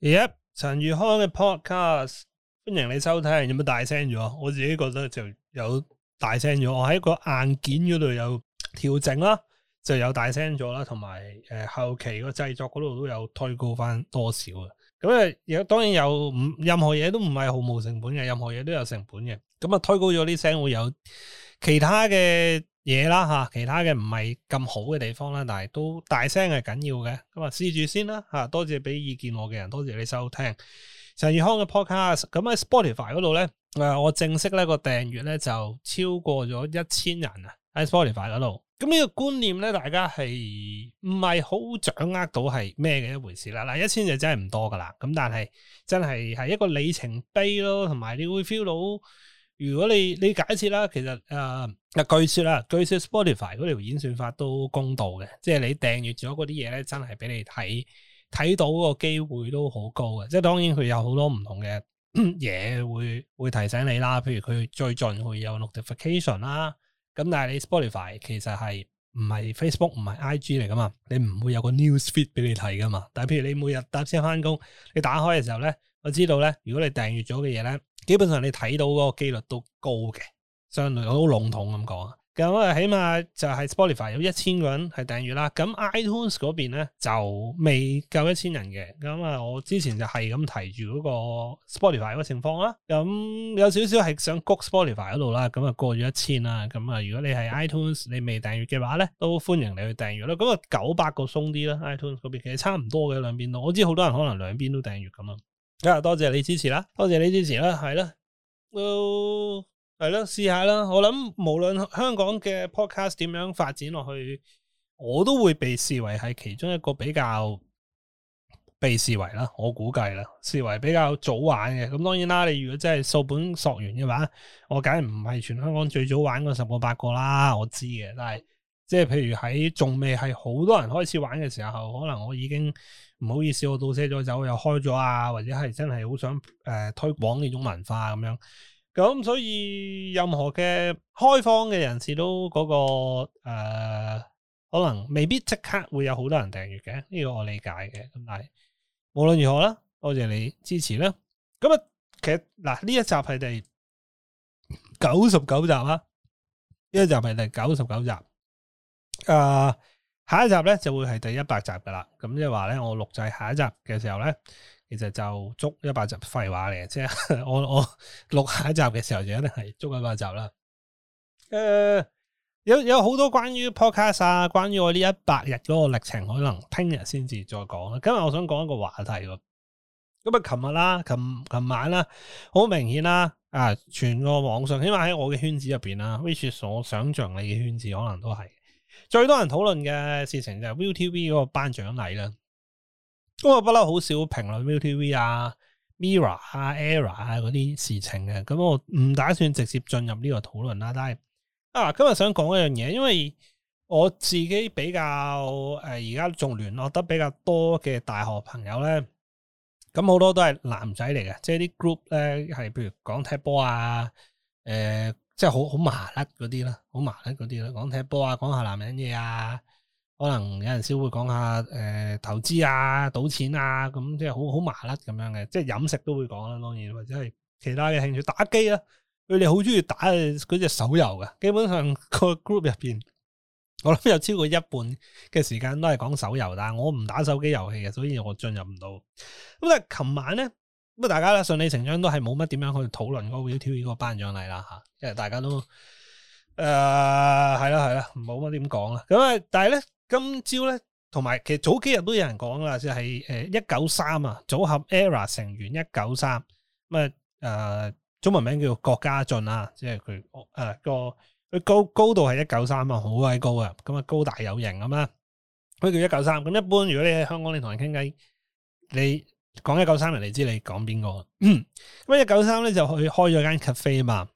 而家陳如康嘅 podcast，歡迎你收聽。有冇大聲咗？我自己覺得就有大聲咗。我喺個硬件嗰度有調整啦，就有大聲咗啦。同埋誒後期個製作嗰度都有推高翻多少啊？咁啊有當然有唔任何嘢都唔係毫無成本嘅，任何嘢都有成本嘅。咁啊推高咗啲聲會有。其他嘅嘢啦，吓，其他嘅唔係咁好嘅地方啦，但係都大聲係緊要嘅，咁啊試住先啦，吓，多謝俾意見我嘅人，多謝你收聽陳宇康嘅 podcast，咁喺 Spotify 嗰度咧，誒，我正式咧個訂閱咧就超過咗一千人啊，喺 Spotify 嗰度，咁呢個觀念咧，大家係唔係好掌握到係咩嘅一回事啦，嗱，一千就真係唔多噶啦，咁但係真係係一個里程碑咯，同埋你會 feel 到。如果你你假設啦，其實誒、呃，據說啦，據說 Spotify 嗰條演算法都公道嘅，即係你訂閱咗嗰啲嘢咧，真係俾你睇睇到個機會都好高嘅。即係當然佢有好多唔同嘅嘢會會提醒你啦，譬如佢最近會有 notification 啦。咁但係你 Spotify 其實係唔係 Facebook 唔係 IG 嚟噶嘛？你唔會有個 news feed 俾你睇噶嘛？但係譬如你每日搭車翻工，你打開嘅時候咧，我知道咧，如果你訂閱咗嘅嘢咧。基本上你睇到嗰個機率都高嘅，相對好籠統咁講。咁啊，起碼就係 Spotify 有一千個人係訂閱啦。咁 iTunes 嗰邊咧就未夠一千人嘅。咁啊，我之前就係咁提住嗰個 Spotify 嗰個情況啦。咁有少少係想谷 Spotify 嗰度啦。咁啊過咗一千啦。咁啊，如果你係 iTunes 你未訂閱嘅話咧，都歡迎你去訂閱咯。咁啊九百個鬆啲啦，iTunes 嗰邊其實差唔多嘅兩邊都。我知好多人可能兩邊都訂閱咁啊。啊，多謝你支持啦，多謝你支持啦，係啦，都、呃、係啦，試下啦。我諗無論香港嘅 podcast 點樣發展落去，我都會被視為係其中一個比較被視為啦。我估計啦，視為比較早玩嘅。咁當然啦，你如果真係數本溯源嘅話，我梗係唔係全香港最早玩，過十個八個啦。我知嘅，但係。即係譬如喺仲未係好多人開始玩嘅時候，可能我已經唔好意思，我倒車咗走又開咗啊，或者係真係好想誒、呃、推廣呢種文化咁樣。咁所以任何嘅開放嘅人士都嗰、那個誒、呃，可能未必即刻會有好多人訂閱嘅，呢、這個我理解嘅。咁但係無論如何啦，多謝你支持啦。咁啊，其實嗱呢一集係第九十九集啦，呢一集係第九十九集。誒、呃，下一集咧就會係第一百集噶啦，咁即係話咧，我錄製下一集嘅時候咧，其實就足一百集廢話嚟，即係我我，我錄下一集嘅時候就一定係足一百集啦。誒、呃，有有好多關於 podcast 啊，關於我呢一百日嗰個歷程，可能聽日先至再講啦。今日我想講一個話題喎，咁啊，琴日啦，琴琴、啊、晚啦、啊，好明顯啦、啊，啊，全個網上起碼喺我嘅圈子入邊啦，which 所想象你嘅圈子可能都係。最多人討論嘅事情就係 ViuTV 嗰個頒獎禮啦。不過，我不嬲好少評論 ViuTV 啊、Mirror 啊、Error 啊嗰啲事情嘅，咁我唔打算直接進入呢個討論啦。但係啊，今日想講一樣嘢，因為我自己比較誒，而家仲聯絡得比較多嘅大學朋友咧，咁好多都係男仔嚟嘅，即係啲 group 咧係，譬如講踢波啊，誒、呃。即係好好麻甩嗰啲啦，好麻甩嗰啲啦。講踢波啊，講下男人嘢啊。可能有陣時會講下誒、呃、投資啊、賭錢啊，咁即係好好麻甩咁樣嘅。即係飲食都會講啦，啊，當然或者係其他嘅興趣打機啦，啊。佢哋好中意打嗰隻手遊嘅，基本上個 group 入邊，我諗有超過一半嘅時間都係講手遊。但係我唔打手機遊戲嘅，所以我進入唔到。咁但係琴晚咧。咁啊，大家啦，順理成章都係冇乜點樣去討論嗰個 ViuTV 嗰個頒獎禮啦吓，因為大家都誒係啦係啦，冇乜點講啦。咁啊，但係咧今朝咧，同埋其實早幾日都有人講啦，即係誒一九三啊，組合 ERA 成員一九三，咁啊誒中文名叫郭家俊啊，即係佢誒個佢高高度係一九三啊，好鬼高啊，咁啊高大有型咁啊，佢叫一九三。咁一般如果你喺香港，你同人傾偈，你。講一九三零，你知你講邊個？咁一九三咧就去開咗間 cafe 啊嘛，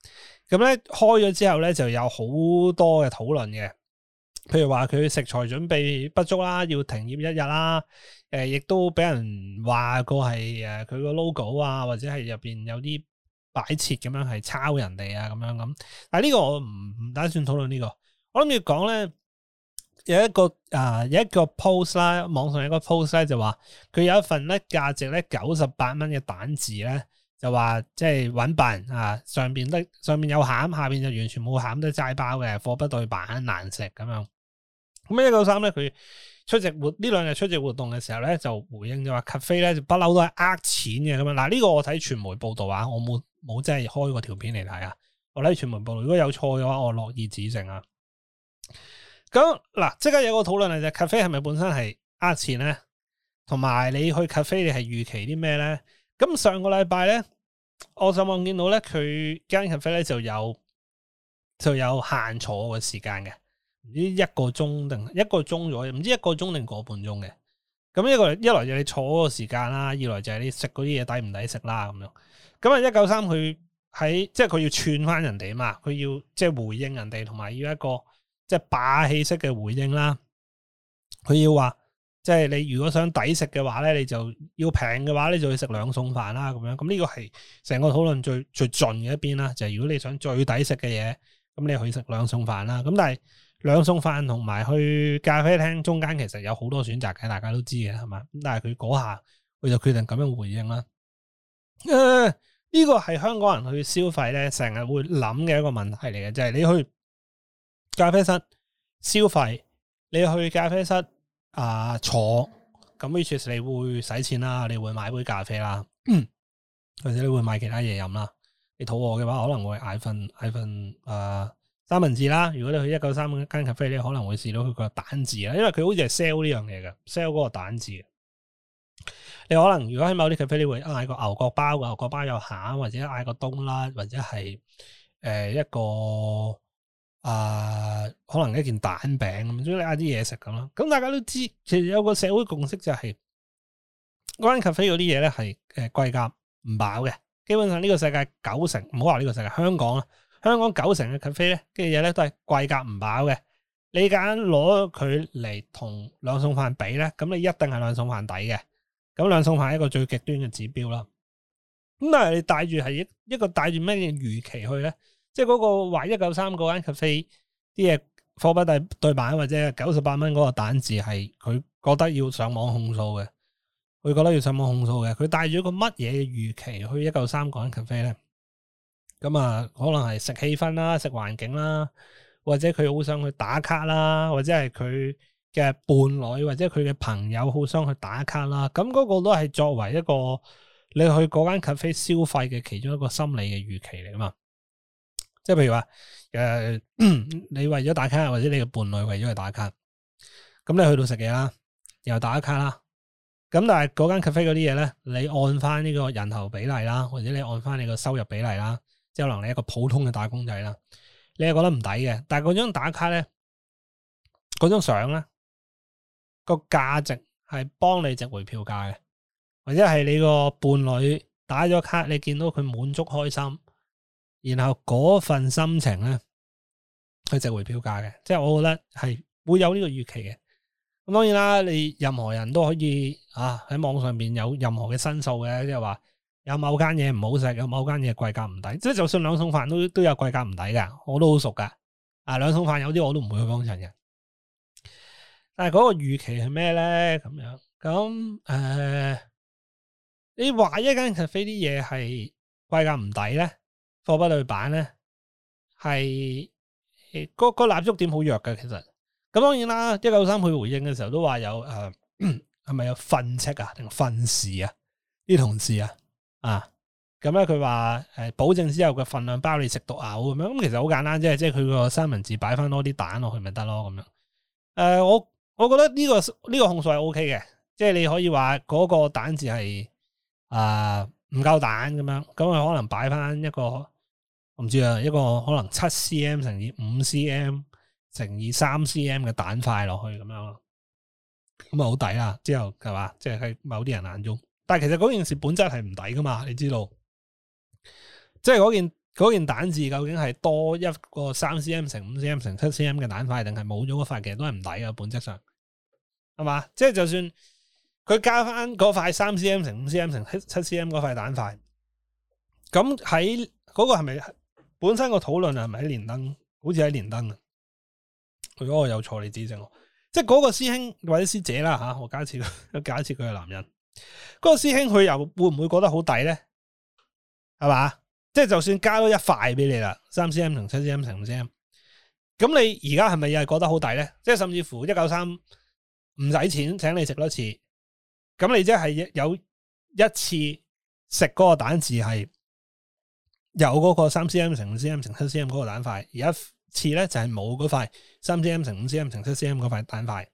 咁咧開咗之後咧就有好多嘅討論嘅，譬如話佢食材準備不足啦，要停業一日啦，誒，亦都俾人話個係誒佢個 logo 啊，或者係入邊有啲擺設咁樣係抄人哋啊，咁樣咁。但係呢個我唔唔打算討論呢個，我諗住講咧。有一個啊、呃，有一個 post 啦，網上有一個 post 咧就話佢有一份咧價值咧九十八蚊嘅蛋治咧，就話即係揾笨啊，上邊咧上面有餡，下邊就完全冇餡，都齋包嘅，貨不對辦，難食咁樣。咁一九三咧，佢出席活呢兩日出席活動嘅時候咧，就回應咖啡呢就話 cafe 咧就不嬲都係呃錢嘅咁樣。嗱呢、呢個我睇傳媒報道啊，我冇冇即係開個條片嚟睇啊。我睇傳媒報道，如果有錯嘅話，我樂意指正啊。咁嗱，即刻有個討論係就 Café 係咪本身係呃錢咧？同埋你去 Café，你係預期啲咩咧？咁上個禮拜咧，我上望見到咧，佢間 Café 咧就有就有限坐嘅時間嘅，唔知一個鐘定一個鐘咗，唔知一個鐘定個半鐘嘅。咁一個一來就你坐個時間啦，二來就係你食嗰啲嘢抵唔抵食啦咁樣。咁啊一九三佢喺，即係佢要串翻人哋啊嘛，佢要即係回應人哋，同埋要一個。即係霸氣式嘅回應啦，佢要話即係你如果想抵食嘅話咧，你就要平嘅話你就要食兩餸飯啦，咁樣咁呢個係成個討論最最盡嘅一邊啦。就係、是、如果你想最抵食嘅嘢，咁你去食兩餸飯啦。咁但係兩餸飯同埋去咖啡廳中間，其實有好多選擇嘅，大家都知嘅係嘛。咁但係佢嗰下，佢就決定咁樣回應啦。誒、啊，呢個係香港人去消費咧，成日會諗嘅一個問題嚟嘅，就係、是、你去。咖啡室消費，你去咖啡室啊、呃、坐，咁於是你會使錢啦，你會買杯咖啡啦，或者你會買其他嘢飲啦。你肚餓嘅話，可能會嗌份嗌份誒、呃、三文治啦。如果你去一九三間咖啡你可能會試到佢個蛋治啦，因為佢好似係 sell 呢樣嘢嘅，sell 嗰個蛋治。你可能如果喺某啲咖啡你會嗌個牛角包，牛角包有餡，或者嗌個冬啦，或者係誒、呃、一個。啊、呃，可能一件蛋餅咁，即係嗌啲嘢食咁咯。咁大家都知，其實有個社會共識就係、是，嗰間咖啡嗰啲嘢咧係誒貴價唔飽嘅。基本上呢個世界九成，唔好話呢個世界香港啦，香港九成嘅咖啡咧，啲嘢咧都係貴價唔飽嘅。你揀攞佢嚟同兩餸飯比咧，咁你一定係兩餸飯抵嘅。咁兩餸飯係一個最極端嘅指標啦。咁但係你帶住係一個帶住咩嘅預期去咧？即係嗰個話一九三嗰間咖啡啲嘢貨不對對版，或者九十八蚊嗰個單字係佢覺得要上網控訴嘅，佢覺得要上網控訴嘅，佢帶咗個乜嘢嘅預期去一九三嗰間咖啡咧？咁啊，可能係食氣氛啦，食環境啦，或者佢好想去打卡啦，或者係佢嘅伴侶或者佢嘅朋友好想去打卡啦。咁、那、嗰個都係作為一個你去嗰間咖啡消費嘅其中一個心理嘅預期嚟嘛。即係譬如話，誒、呃，你為咗打卡，或者你嘅伴侶為咗去打卡，咁你去到食嘢啦，又打卡啦，咁但係嗰間 café 嗰啲嘢咧，你按翻呢個人頭比例啦，或者你按翻你個收入比例啦，即係可能你一個普通嘅打工仔啦，你係覺得唔抵嘅，但係嗰張打卡咧，嗰張相咧，個價值係幫你值回票價嘅，或者係你個伴侶打咗卡，你見到佢滿足開心。然後嗰份心情咧，去值回票價嘅，即係我覺得係會有呢個預期嘅。咁當然啦，你任何人都可以啊喺網上邊有任何嘅申訴嘅，即係話有某間嘢唔好食，有某間嘢貴價唔抵。即係就算兩餸飯都都有貴價唔抵㗎。我都好熟噶。啊，兩餸飯有啲我都唔會去幫襯嘅。但係嗰個預期係咩咧？咁樣咁誒、呃，你話一間 cafe 啲嘢係貴價唔抵咧？貨不對版咧，係嗰嗰蠟燭點好弱嘅，其實咁當然啦。一九三佢回應嘅時候都話有誒，係、呃、咪有訓斥啊，定訓示啊？啲同事啊，啊咁咧佢話誒保證之後嘅份量包你食到飽，咁樣。咁、嗯、其實好簡單啫，即係佢個三文治擺翻多啲蛋落去咪得咯咁樣。誒、呃，我我覺得呢、這個呢、這個控訴係 O K 嘅，即、就、係、是、你可以話嗰個蛋字係誒唔夠蛋咁樣，咁佢可能擺翻一個。我唔知啊，一個可能七 cm 乘以五 cm 乘以三 cm 嘅蛋塊落去咁樣咯，咁啊好抵啦，之後係嘛，即係喺某啲人眼中，但係其實嗰件事本質係唔抵噶嘛，你知道？即係嗰件嗰件蛋字究竟係多一個三 cm 乘五 cm 乘七 cm 嘅蛋塊，定係冇咗嗰塊？其實都係唔抵噶，本質上係嘛？即係就算佢加翻嗰塊三 cm 乘五 cm 乘七 cm 嗰塊蛋塊，咁喺嗰個係咪？本身個討論係咪喺連登？好似喺連登啊！如果我有錯，你指正我。即係嗰個師兄或者師姐啦吓、啊，我假設，假設佢係男人，嗰、嗰個師兄佢又會唔會覺得好抵咧？係嘛？即係就算加多一塊俾你啦，三 C M 同七 C M 乘五 C M，咁你而家係咪又係覺得好抵咧？即係甚至乎一九三唔使錢請你食多次，咁你即係有一次食嗰個蛋治係？有嗰個三 cm 乘五 cm 乘七 cm 嗰個蛋塊，而一次咧就係冇嗰塊三 cm 乘五 cm 乘七 cm 嗰塊蛋塊。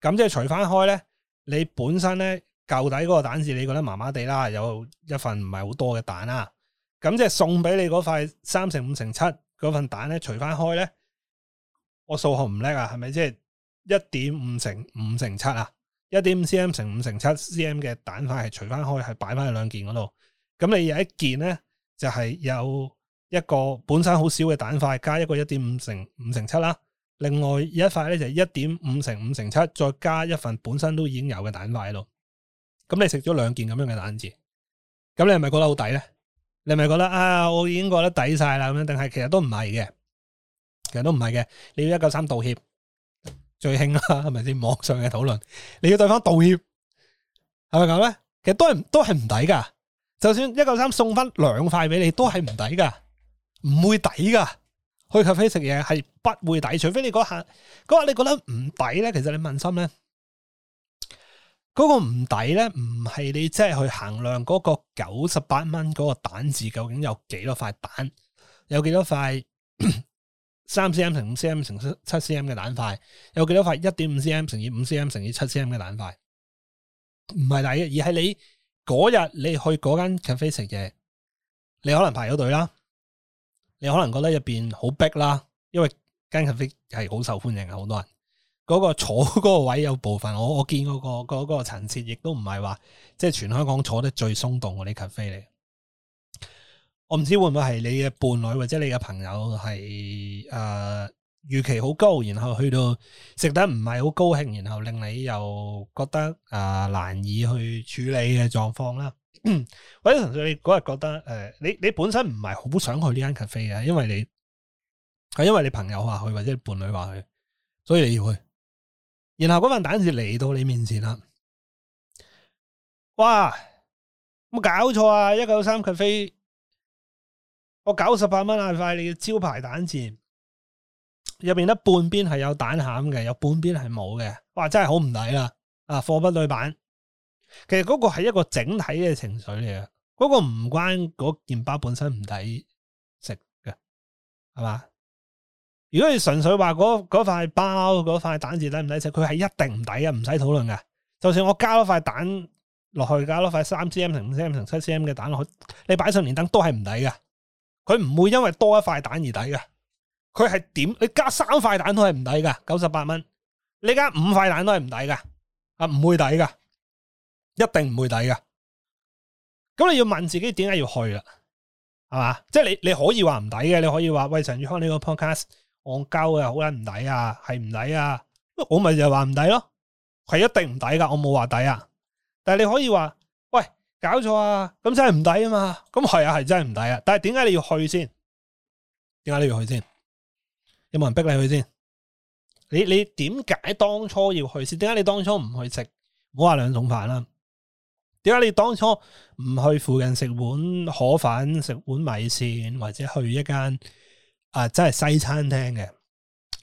咁即係除翻開咧，你本身咧舊底嗰個蛋治你覺得麻麻地啦，有一份唔係好多嘅蛋啦。咁即係送俾你嗰塊三乘五乘七嗰份蛋咧，除翻開咧，我數學唔叻啊，係咪即係一點五乘五乘七啊？一點五 cm 乘五乘七 cm 嘅蛋塊係除翻開係擺翻去兩件嗰度。咁你有一件咧？就係有一個本身好少嘅蛋塊，加一個一點五乘五乘七啦，另外一塊咧就一點五乘五乘七，再加一份本身都已經有嘅蛋塊咯。咁你食咗兩件咁樣嘅蛋治，咁你係咪覺得好抵咧？你係咪覺得啊，我已經覺得抵晒啦？咁樣定係其實都唔係嘅，其實都唔係嘅，你要一九三道歉，最興啦、啊，係咪先？網上嘅討論你要對翻道歉，係咪咁咧？其實都係都係唔抵噶。就算一嚿衫送翻兩塊俾你，都係唔抵噶，唔會抵噶。去咖啡食嘢係不會抵，除非你嗰下嗰下你覺得唔抵咧。其實你問心咧，嗰個唔抵咧，唔係你即係去衡量嗰個九十八蚊嗰個蛋字究竟有幾多塊蛋，有幾多塊三 cm 乘五 cm 乘七 cm 嘅蛋塊，有幾多塊一點五 cm 乘以五 cm 乘以七 cm 嘅蛋塊，唔係抵嘅，而係你。嗰日你去嗰間 cafe 食嘢，你可能排咗隊啦，你可能覺得入邊好逼啦，因為間 cafe 係好受歡迎嘅，好多人。嗰個坐嗰個位有部分，我我見嗰個嗰個層次亦都唔係話即係全香港坐得最鬆動嗰啲 cafe 嚟。我唔知會唔會係你嘅伴侶或者你嘅朋友係誒。呃預期好高，然後去到食得唔係好高興，然後令你又覺得啊、呃、難以去處理嘅狀況啦。或者 純粹你嗰日覺得誒、呃，你你本身唔係好想去呢間 cafe 嘅，因為你係因為你朋友話去或者伴侶話去，所以你要去。然後嗰份蛋治嚟到你面前啦，哇！冇搞錯啊！一九三 cafe，我九十八蚊嗌塊你嘅招牌蛋治。入邊咧，半邊係有蛋餡嘅，半邊有半邊係冇嘅。哇，真係好唔抵啦！啊，貨不對板。其實嗰個係一個整體嘅情緒嚟嘅，嗰、嗰個唔關嗰件包本身唔抵食嘅，係嘛？如果你純粹話嗰塊塊包嗰塊蛋字抵唔抵食，佢係一定唔抵啊，唔使討論㗎，就算我加多塊蛋落去，加多塊三 cm 乘五 cm 乘七 cm 嘅蛋落去，你擺上連登都係唔抵㗎。佢唔會因為多一塊蛋而抵嘅。佢係點？你加三塊蛋都係唔抵噶，九十八蚊。你加五塊蛋都係唔抵噶，啊唔會抵噶，一定唔會抵噶。咁你要問自己點解要去啦？係嘛？即係你你可以話唔抵嘅，你可以話，喂，陳宇康呢個 podcast 我交嘅，好似唔抵啊，係唔抵啊？我咪就話唔抵咯，係一定唔抵噶。我冇話抵啊。但係你可以話喂，搞錯啊，咁真係唔抵啊嘛。咁係啊係真係唔抵啊。但係點解你要去先？點解你要去先？有冇人逼你去先？你你點解當初要去先？點解你當初唔去食？唔好話兩種飯啦。點解你當初唔去附近食碗河粉、食碗米線，或者去一間啊，真係西餐廳嘅？誒、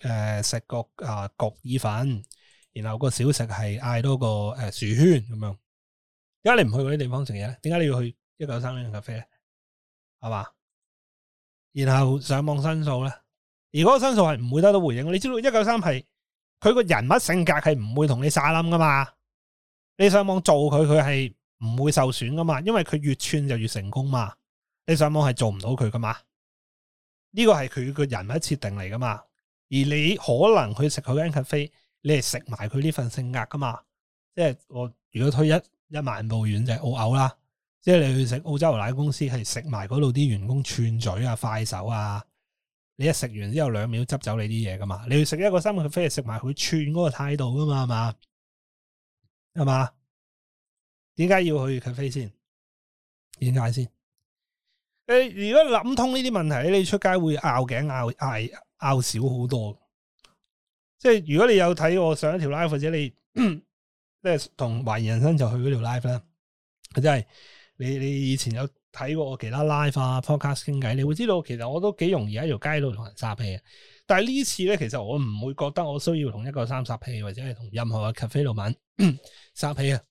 呃，食個啊，焗意粉，然後個小食係嗌多個誒、啊、薯圈咁樣。點解你唔去嗰啲地方食嘢咧？點解你要去一九三零咖啡咧？係嘛？然後上網申訴咧？而嗰個申訴係唔會得到回應，你知道一九三係佢個人物性格係唔會同你耍冧噶嘛？你上網做佢，佢係唔會受損噶嘛？因為佢越串就越成功嘛。你上網係做唔到佢噶嘛？呢個係佢個人物設定嚟噶嘛？而你可能去食佢嘅 N Café 你係食埋佢呢份性格噶嘛？即係我如果推一一萬步遠就係澳牛啦，即係你去食澳洲牛奶公司係食埋嗰度啲員工串嘴啊、快手啊。你一食完之後兩秒執走你啲嘢，噶嘛？你要食一個三個啡，食埋佢串嗰個態度噶嘛？係嘛？係嘛？點解要去咖啡為什麼先？點解先？你如果諗通呢啲問題，你出街會拗頸拗拗拗少好多。即係如果你有睇我上一條 live 或者你即係同懷疑人生就去嗰條 live 咧，佢真係。你你以前有睇過我其他 live 啊、podcast 傾偈，你會知道其實我都幾容易喺條街度同人撒氣。但係呢次咧，其實我唔會覺得我需要同一個三撒氣，或者係同任何嘅 cafe 老闆撒氣啊。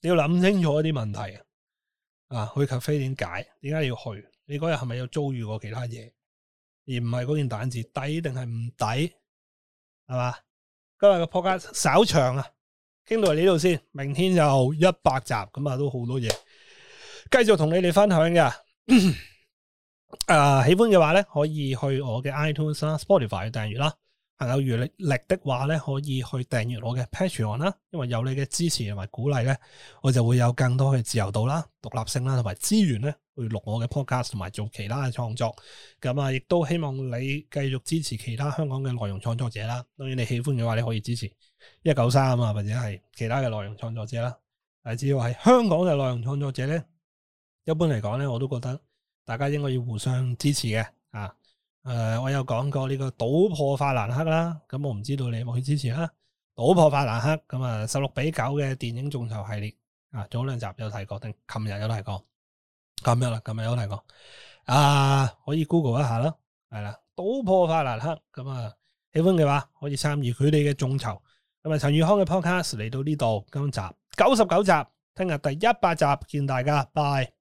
你要諗清楚一啲問題啊，去 cafe 點解？點解要去？你嗰日係咪有遭遇過其他嘢？而唔係嗰件蛋治抵定係唔抵？係嘛？今日嘅 podcast 稍長啊，傾到嚟呢度先，明天就一百集咁啊，都好多嘢。繼續同你哋分享嘅、 呃，喜歡嘅話咧，可以去我嘅 iTunes 啦、Spotify 去訂閱啦。朋友如力力嘅話咧，可以去訂閱我嘅 Patreon 啦。因為有你嘅支持同埋鼓勵咧，我就會有更多嘅自由度啦、獨立性啦，同埋資源咧去錄我嘅 Podcast 同埋做其他嘅創作。咁啊，亦都希望你繼續支持其他香港嘅內容創作者啦。當然，你喜歡嘅話，你可以支持一九三啊，或者係其他嘅內容創作者啦。但只要係香港嘅內容創作者咧。一般嚟講咧，我都覺得大家應該要互相支持嘅啊！誒，我有講過呢、這個《賭破法蘭克》啦，咁、啊、我唔知道你有冇去支持啦。啊《賭破法蘭克》咁啊，十六比九嘅電影眾籌系列啊，早兩集有提過，定琴日有提過。今日啦，今日有提過啊！可以 Google 一下啦，係、啊、啦，啊《賭破法蘭克》咁啊，喜歡嘅話可以參與佢哋嘅眾籌。咁啊，陳宇康嘅 Podcast 嚟到呢度，今集九十九集，聽日第一百集見大家，拜。